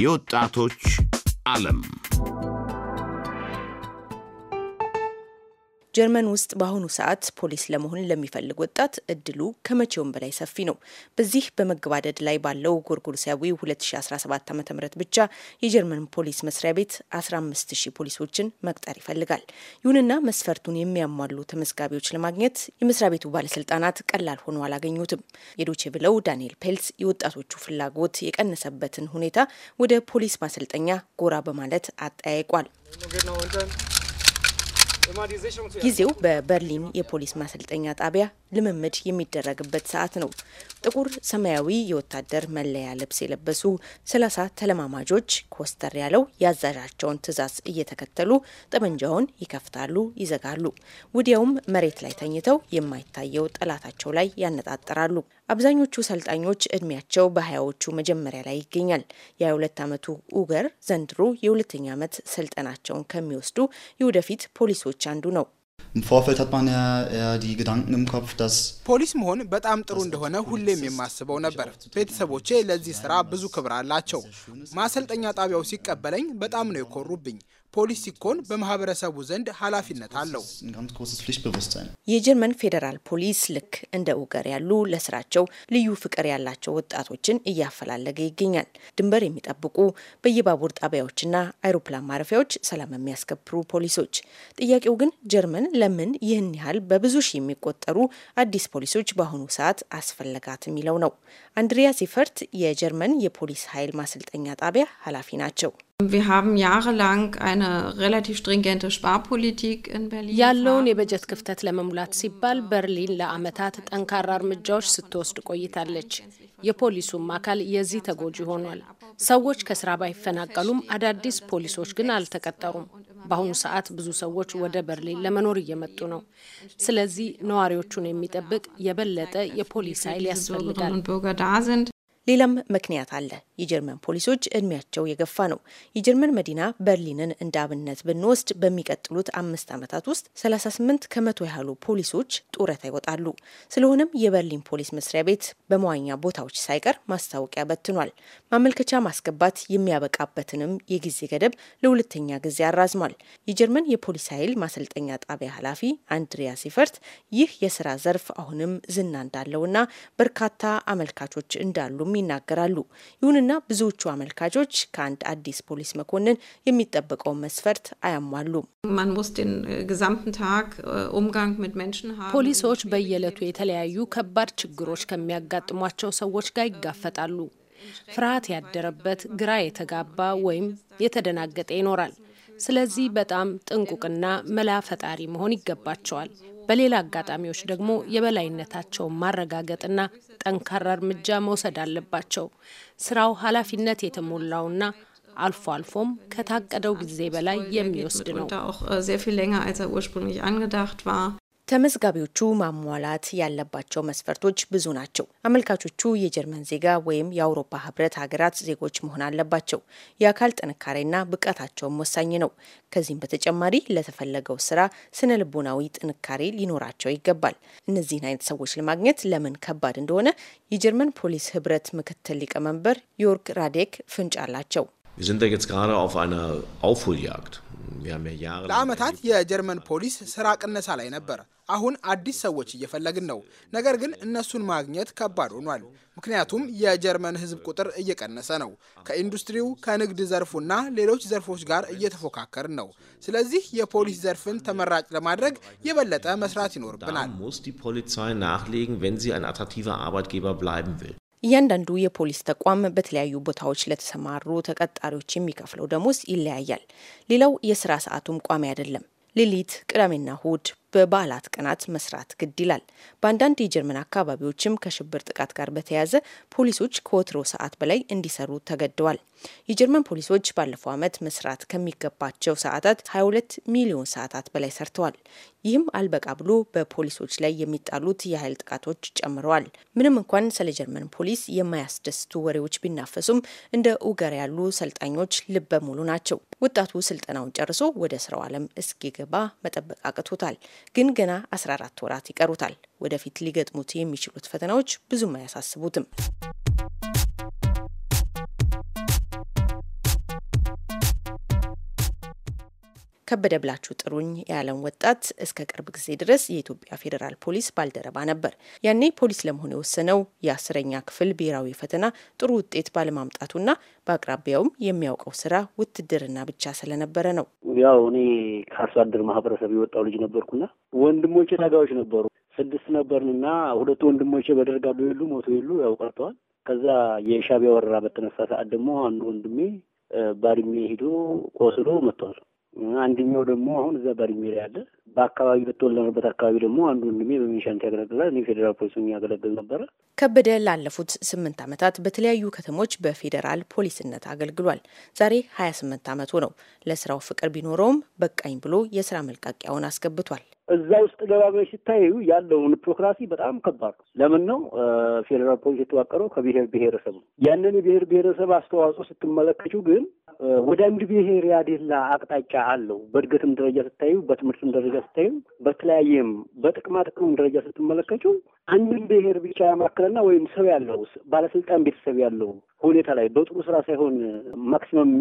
የወጣቶች ዓለም ጀርመን ውስጥ በአሁኑ ሰዓት ፖሊስ ለመሆን ለሚፈልግ ወጣት እድሉ ከመቼውም በላይ ሰፊ ነው። በዚህ በመገባደድ ላይ ባለው ጎርጎርሳዊ 2017 ዓ ም ብቻ የጀርመን ፖሊስ መስሪያ ቤት 15 ፖሊሶችን መቅጠር ይፈልጋል። ይሁንና መስፈርቱን የሚያሟሉ ተመዝጋቢዎች ለማግኘት የመስሪያ ቤቱ ባለስልጣናት ቀላል ሆኖ አላገኙትም። የዶቼ ብለው ዳንኤል ፔልስ የወጣቶቹ ፍላጎት የቀነሰበትን ሁኔታ ወደ ፖሊስ ማሰልጠኛ ጎራ በማለት አጠያይቋል። ጊዜው በበርሊን የፖሊስ ማሰልጠኛ ጣቢያ ልምምድ የሚደረግበት ሰዓት ነው። ጥቁር ሰማያዊ የወታደር መለያ ልብስ የለበሱ ሰላሳ ተለማማጆች ኮስተር ያለው የአዛዣቸውን ትዕዛዝ እየተከተሉ ጠመንጃውን ይከፍታሉ፣ ይዘጋሉ። ወዲያውም መሬት ላይ ተኝተው የማይታየው ጠላታቸው ላይ ያነጣጠራሉ። አብዛኞቹ ሰልጣኞች እድሜያቸው በሀያዎቹ መጀመሪያ ላይ ይገኛል። የ22 ዓመቱ ኡገር ዘንድሮ የሁለተኛ ዓመት ስልጠናቸውን ከሚወስዱ የወደፊት ፖሊሶች አንዱ ነው። Im Vorfeld hat man ja eher die Gedanken im Kopf, dass ፖሊስ መሆን በጣም ጥሩ እንደሆነ ሁሌም የማስበው ነበር። ቤተሰቦቼ ለዚህ ስራ ብዙ ክብር አላቸው። ማሰልጠኛ ጣቢያው ሲቀበለኝ በጣም ነው የኮሩብኝ። ፖሊስ ሲኮን በማህበረሰቡ ዘንድ ኃላፊነት አለው። የጀርመን ፌዴራል ፖሊስ ልክ እንደ ኡገር ያሉ ለስራቸው ልዩ ፍቅር ያላቸው ወጣቶችን እያፈላለገ ይገኛል። ድንበር የሚጠብቁ በየባቡር ጣቢያዎችና አይሮፕላን ማረፊያዎች ሰላም የሚያስከብሩ ፖሊሶች። ጥያቄው ግን ጀርመን ለምን ይህን ያህል በብዙ ሺህ የሚቆጠሩ አዲስ ፖሊሶች በአሁኑ ሰዓት አስፈለጋት የሚለው ነው። አንድሪያ ሲፈርት የጀርመን የፖሊስ ኃይል ማሰልጠኛ ጣቢያ ኃላፊ ናቸው። Wir ያለውን የበጀት ክፍተት ለመሙላት ሲባል በርሊን ለዓመታት ጠንካራ እርምጃዎች ስትወስድ ቆይታለች። የፖሊሱም አካል የዚህ ተጎጂ ሆኗል። ሰዎች ከስራ ባይፈናቀሉም አዳዲስ ፖሊሶች ግን አልተቀጠሩም። በአሁኑ ሰዓት ብዙ ሰዎች ወደ በርሊን ለመኖር እየመጡ ነው። ስለዚህ ነዋሪዎቹን የሚጠብቅ የበለጠ የፖሊስ ኃይል ያስፈልጋል። ሌላም ምክንያት አለ። የጀርመን ፖሊሶች እድሜያቸው የገፋ ነው። የጀርመን መዲና በርሊንን እንደ አብነት ብንወስድ በሚቀጥሉት አምስት ዓመታት ውስጥ 38 ከመቶ ያህሉ ፖሊሶች ጡረታ ይወጣሉ። ስለሆነም የበርሊን ፖሊስ መስሪያ ቤት በመዋኛ ቦታዎች ሳይቀር ማስታወቂያ በትኗል። ማመልከቻ ማስገባት የሚያበቃበትንም የጊዜ ገደብ ለሁለተኛ ጊዜ አራዝሟል። የጀርመን የፖሊስ ኃይል ማሰልጠኛ ጣቢያ ኃላፊ አንድሪያ ሲፈርት ይህ የስራ ዘርፍ አሁንም ዝና እንዳለውና በርካታ አመልካቾች እንዳሉም እንደሚችሉም ይናገራሉ። ይሁንና ብዙዎቹ አመልካቾች ከአንድ አዲስ ፖሊስ መኮንን የሚጠበቀውን መስፈርት አያሟሉም። ፖሊሶች በየዕለቱ የተለያዩ ከባድ ችግሮች ከሚያጋጥሟቸው ሰዎች ጋር ይጋፈጣሉ። ፍርሃት ያደረበት፣ ግራ የተጋባ ወይም የተደናገጠ ይኖራል። ስለዚህ በጣም ጥንቁቅና መላ ፈጣሪ መሆን ይገባቸዋል። በሌላ አጋጣሚዎች ደግሞ የበላይነታቸውን ማረጋገጥና ጠንካራ እርምጃ መውሰድ አለባቸው። ስራው ኃላፊነት የተሞላውና አልፎ አልፎም ከታቀደው ጊዜ በላይ የሚወስድ ነው። ተመዝጋቢዎቹ ማሟላት ያለባቸው መስፈርቶች ብዙ ናቸው። አመልካቾቹ የጀርመን ዜጋ ወይም የአውሮፓ ህብረት ሀገራት ዜጎች መሆን አለባቸው። የአካል ጥንካሬና ብቃታቸውም ወሳኝ ነው። ከዚህም በተጨማሪ ለተፈለገው ስራ ስነ ልቦናዊ ጥንካሬ ሊኖራቸው ይገባል። እነዚህን አይነት ሰዎች ለማግኘት ለምን ከባድ እንደሆነ የጀርመን ፖሊስ ህብረት ምክትል ሊቀመንበር ዮርግ ራዴክ ፍንጭ አላቸው። ለዓመታት የጀርመን ፖሊስ ስራ ቅነሳ ላይ ነበር። አሁን አዲስ ሰዎች እየፈለግን ነው። ነገር ግን እነሱን ማግኘት ከባድ ሆኗል። ምክንያቱም የጀርመን ሕዝብ ቁጥር እየቀነሰ ነው። ከኢንዱስትሪው ከንግድ ዘርፉና ሌሎች ዘርፎች ጋር እየተፎካከርን ነው። ስለዚህ የፖሊስ ዘርፍን ተመራጭ ለማድረግ የበለጠ መስራት ይኖርብናል። እያንዳንዱ የፖሊስ ተቋም በተለያዩ ቦታዎች ለተሰማሩ ተቀጣሪዎች የሚከፍለው ደሞዝ ይለያያል። ሌላው የስራ ሰዓቱም ቋሚ አይደለም። ሌሊት፣ ቅዳሜና እሁድ በበዓላት ቀናት መስራት ግድ ይላል። በአንዳንድ የጀርመን አካባቢዎችም ከሽብር ጥቃት ጋር በተያያዘ ፖሊሶች ከወትሮ ሰዓት በላይ እንዲሰሩ ተገደዋል። የጀርመን ፖሊሶች ባለፈው ዓመት መስራት ከሚገባቸው ሰዓታት 22 ሚሊዮን ሰዓታት በላይ ሰርተዋል። ይህም አልበቃ ብሎ በፖሊሶች ላይ የሚጣሉት የኃይል ጥቃቶች ጨምረዋል። ምንም እንኳን ስለ ጀርመን ፖሊስ የማያስደስቱ ወሬዎች ቢናፈሱም እንደ ኡገር ያሉ ሰልጣኞች ልበ ሙሉ ናቸው። ወጣቱ ስልጠናውን ጨርሶ ወደ ስራው ዓለም እስኪገባ መጠበቅ አቅቶታል። ግን ገና 14 ወራት ይቀሩታል። ወደፊት ሊገጥሙት የሚችሉት ፈተናዎች ብዙም አያሳስቡትም። ከበደ ብላችሁ ጥሩኝ ያለን ወጣት እስከ ቅርብ ጊዜ ድረስ የኢትዮጵያ ፌዴራል ፖሊስ ባልደረባ ነበር። ያኔ ፖሊስ ለመሆን የወሰነው የአስረኛ ክፍል ብሔራዊ ፈተና ጥሩ ውጤት ባለማምጣቱና በአቅራቢያውም የሚያውቀው ስራ ውትድርና ብቻ ስለነበረ ነው። ያው እኔ ከአርሶ አደር ማህበረሰብ የወጣው ልጅ ነበርኩና ወንድሞቼ ታጋዮች ነበሩ። ስድስት ነበርንና ሁለቱ ወንድሞቼ በደርጋሉ የሉ ሞቱ የሉ ያው ቀርተዋል። ከዛ የሻቢያ ወረራ በተነሳ ሰዓት ደግሞ አንዱ ወንድሜ ባድሜ ሄዶ ቆስሎ መጥቷል። አንደኛው ደግሞ አሁን እዛ ባድሜ ያለ በአካባቢ በተወለነበት አካባቢ ደግሞ አንዱ ወንድሜ በሚኒሻንት ያገለግላል። እኔ ፌዴራል ፖሊሱን ያገለግል ነበረ። ከበደ ላለፉት ስምንት ዓመታት በተለያዩ ከተሞች በፌዴራል ፖሊስነት አገልግሏል። ዛሬ ሀያ ስምንት ዓመቱ ነው። ለስራው ፍቅር ቢኖረውም በቃኝ ብሎ የስራ መልቃቂያውን አስገብቷል። እዛ ውስጥ ገባ ሲታዩ ሲታይ ያለውን ፕሮክራሲ በጣም ከባድ ነው። ለምን ነው ፌዴራል ፖሊስ የተዋቀረው ከብሔር ብሔረሰብ ነው። ያንን የብሔር ብሔረሰብ አስተዋጽኦ ስትመለከቱ ግን ወደ አንድ ብሔር ያደላ አቅጣጫ አለው። በእድገትም ደረጃ ስታዩ፣ በትምህርትም ደረጃ ስታዩ፣ በተለያየም በጥቅማ ጥቅምም ደረጃ ስትመለከቱ አንድን ብሔር ብቻ ያማከለና ወይም ሰው ያለው ባለስልጣን ቤተሰብ ያለው ሁኔታ ላይ በጥሩ ስራ ሳይሆን ማክሲመም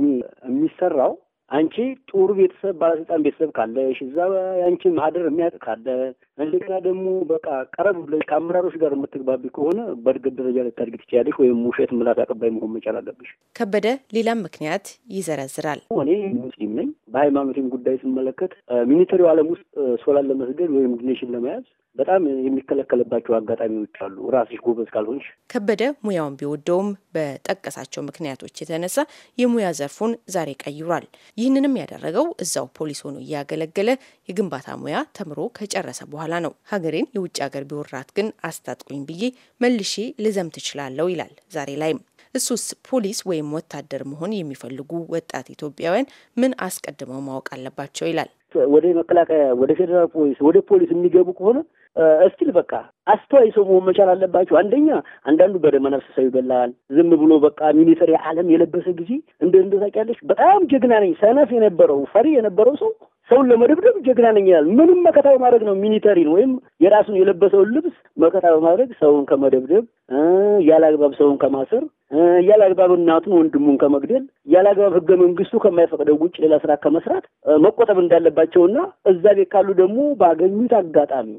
የሚሰራው አንቺ ጥሩ ቤተሰብ ባለስልጣን ቤተሰብ ካለሽ እዛ አንቺ ማህደር የሚያውቅ ካለ እንደገና ደግሞ በቃ ቀረብ ብለሽ ከአመራሮች ጋር የምትግባቢ ከሆነ በእድገት ደረጃ ልታድግ ትችያለሽ። ወይም ውሸት ምላት አቀባይ መሆን መቻል አለብሽ። ከበደ ሌላም ምክንያት ይዘረዝራል። እኔ ሙስሊም በሃይማኖትም ጉዳይ ስመለከት ሚኒተሪው ዓለም ውስጥ ሶላን ለመስገድ ወይም ድኔሽን ለመያዝ በጣም የሚከለከልባቸው አጋጣሚዎች አሉ፣ ራስሽ ጎበዝ ካልሆንሽ። ከበደ ሙያውን ቢወደውም በጠቀሳቸው ምክንያቶች የተነሳ የሙያ ዘርፉን ዛሬ ቀይሯል። ይህንንም ያደረገው እዛው ፖሊስ ሆኖ እያገለገለ የግንባታ ሙያ ተምሮ ከጨረሰ በኋላ ነው። ሀገሬን የውጭ ሀገር ቢወራት ግን አስታጥቁኝ ብዬ መልሼ ልዘምት እችላለሁ ይላል ዛሬ ላይም እሱስ ፖሊስ ወይም ወታደር መሆን የሚፈልጉ ወጣት ኢትዮጵያውያን ምን አስቀድመው ማወቅ አለባቸው ይላል። ወደ መከላከያ፣ ወደ ፌዴራል ፖሊስ፣ ወደ ፖሊስ የሚገቡ ከሆነ እስቲል በቃ አስተዋይ ሰው መሆን መቻል አለባቸው። አንደኛ አንዳንዱ በደመ ሰው ይበላል። ዝም ብሎ በቃ ሚኒስትር የዓለም የለበሰ ጊዜ እንደ እንደ ታውቂያለሽ፣ በጣም ጀግና ነኝ ሰነፍ የነበረው ፈሪ የነበረው ሰው ሰውን ለመደብደብ ጀግና ነኝ ይላል። ምንም መከታ በማድረግ ነው ሚኒተሪን ወይም የራሱን የለበሰውን ልብስ መከታ በማድረግ ሰውን ከመደብደብ ያለ አግባብ ሰውን ከማሰር ያላግባብ እናቱን ወንድሙን ከመግደል ያላግባብ ህገ መንግስቱ ከማይፈቅደው ውጭ ሌላ ስራ ከመስራት መቆጠብ እንዳለባቸውና እዛ ቤት ካሉ ደግሞ ባገኙት አጋጣሚ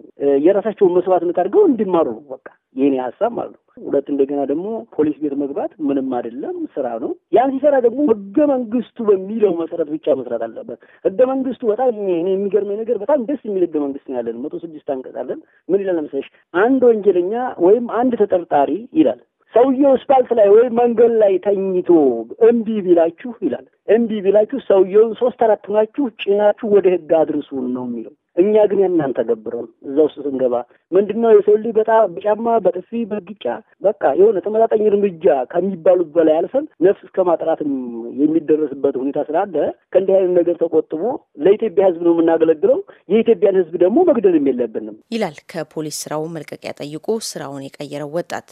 የራሳቸውን መስዋዕትነት አድርገው እንዲማሩ ነው። በቃ የኔ ሀሳብ ማለት ነው። ሁለት እንደገና ደግሞ ፖሊስ ቤት መግባት ምንም አይደለም፣ ስራ ነው። ያን ሲሰራ ደግሞ ህገ መንግስቱ በሚለው መሰረት ብቻ መስራት አለበት። ህገ መንግስቱ በጣም እኔ የሚገርመኝ ነገር በጣም ደስ የሚል ህገ መንግስት ነው ያለን። መቶ ስድስት አንቀጽ አለን። ምን ይላል ለምሳሌ አንድ ወንጀለኛ ወይም አንድ ተጠርጣሪ ይላል ሰውየው ስፓልት ላይ ወይም መንገድ ላይ ተኝቶ እምቢ ቢላችሁ ይላል። እምቢ ቢላችሁ ሰውየውን ሶስት አራት ሆናችሁ ጭናችሁ ወደ ህግ አድርሱን ነው የሚለው። እኛ ግን ያንን ገብረን እዛ ውስጥ ስንገባ ምንድን ነው የሰው ልጅ በጣም በጫማ በጥፊ በግጫ በቃ የሆነ ተመጣጣኝ እርምጃ ከሚባሉት በላይ አልፈን ነፍስ እስከ ማጥራትም የሚደረስበት ሁኔታ ስላለ ከእንዲህ አይነት ነገር ተቆጥቦ ለኢትዮጵያ ሕዝብ ነው የምናገለግለው። የኢትዮጵያን ሕዝብ ደግሞ መግደልም የለብንም ይላል ከፖሊስ ስራው መልቀቂያ ጠይቆ ስራውን የቀየረው ወጣት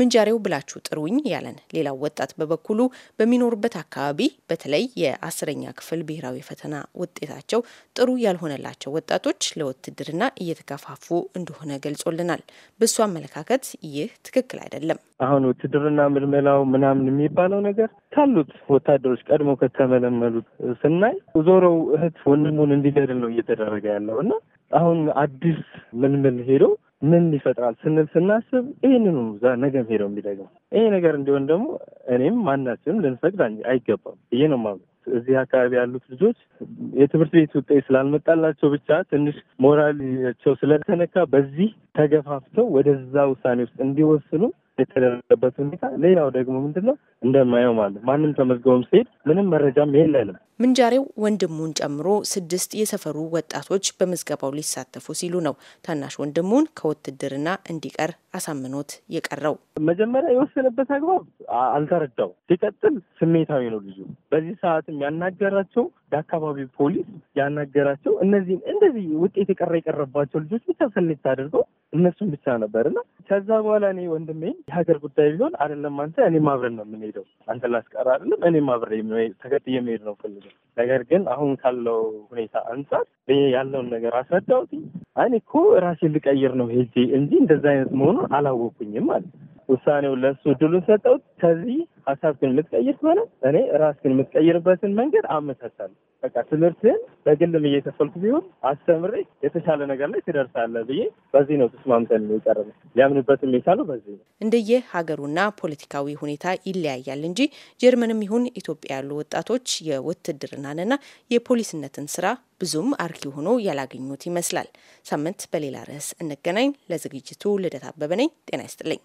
ምንጃሬው ብላችሁ ጥሩኝ ያለን። ሌላው ወጣት በበኩሉ በሚኖሩበት አካባቢ በተለይ የአስረኛ ክፍል ብሔራዊ ፈተና ውጤታቸው ጥሩ ያልሆነላቸው ወጣቶች ለውትድርና እየተከፋፉ እንደሆነ ገልጾልናል። በሱ አመለካከት ይህ ትክክል አይደለም። አሁን ውትድርና ምልመላው ምናምን የሚባለው ነገር ካሉት ወታደሮች ቀድሞ ከተመለመሉት ስናይ ዞረው እህት ወንድሙን እንዲገድል ነው እየተደረገ ያለው እና አሁን አዲስ ምልምል ሄዶ ምን ይፈጥራል ስንል ስናስብ ይህንኑ ነገም ሄደው የሚደግም ይሄ ነገር እንዲሆን ደግሞ እኔም ማናችንም ልንፈቅድ አይገባም ብዬ ነው የማምነው። እዚህ አካባቢ ያሉት ልጆች የትምህርት ቤት ውጤት ስላልመጣላቸው ብቻ ትንሽ ሞራልቸው ስለተነካ በዚህ ተገፋፍተው ወደዛ ውሳኔ ውስጥ እንዲወስኑ የተደረገበት ሁኔታ። ሌላው ደግሞ ምንድነው እንደማየው ማለት ማንም ተመዝገቡም ሲሄድ ምንም መረጃም የለንም። ምንጃሬው ወንድሙን ጨምሮ ስድስት የሰፈሩ ወጣቶች በምዝገባው ሊሳተፉ ሲሉ ነው ታናሽ ወንድሙን ከውትድርና እንዲቀር አሳምኖት የቀረው። መጀመሪያ የወሰነበት አግባብ አልተረዳው። ሲቀጥል ስሜታዊ ነው ልጁ። በዚህ ሰዓትም ያናገራቸው የአካባቢው ፖሊስ ያናገራቸው እነዚህም እንደዚህ ውጤት የቀረ የቀረባቸው ልጆች ብቻ ስሜት አድርገው እነሱም ብቻ ነበር እና ከዛ በኋላ እኔ ወንድሜ የሀገር ጉዳይ ቢሆን አይደለም አንተ እኔም አብረን ነው የምንሄደው አንተ ላስቀር አይደለም እኔም አብሬ ተከትዬ መሄድ ነው ፈልገው ነገር ግን አሁን ካለው ሁኔታ አንጻር ያለውን ነገር አስረዳሁት። እኔ እኮ ራሴ ልቀይር ነው ሄጄ እንጂ እንደዛ አይነት መሆኑ አላወኩኝም ማለት ነው። ውሳኔውን ለእሱ እድሉን ሰጠው። ከዚህ ሀሳብክን የምትቀይር ከሆነ እኔ ራስክን የምትቀይርበትን መንገድ አመቻቻለሁ። በቃ ትምህርትን በግልም እየከፈልኩ ቢሆን አስተምሬ የተሻለ ነገር ላይ ትደርሳለህ ብዬ በዚህ ነው ተስማምተን የቀረበ ሊያምንበት የቻለው በዚህ ነው። እንደየ ሀገሩና ፖለቲካዊ ሁኔታ ይለያያል እንጂ ጀርመንም ይሁን ኢትዮጵያ ያሉ ወጣቶች የውትድርናንና የፖሊስነትን ስራ ብዙም አርኪ ሆኖ ያላገኙት ይመስላል። ሳምንት በሌላ ርዕስ እንገናኝ። ለዝግጅቱ ልደት አበበ ነኝ። ጤና ይስጥልኝ።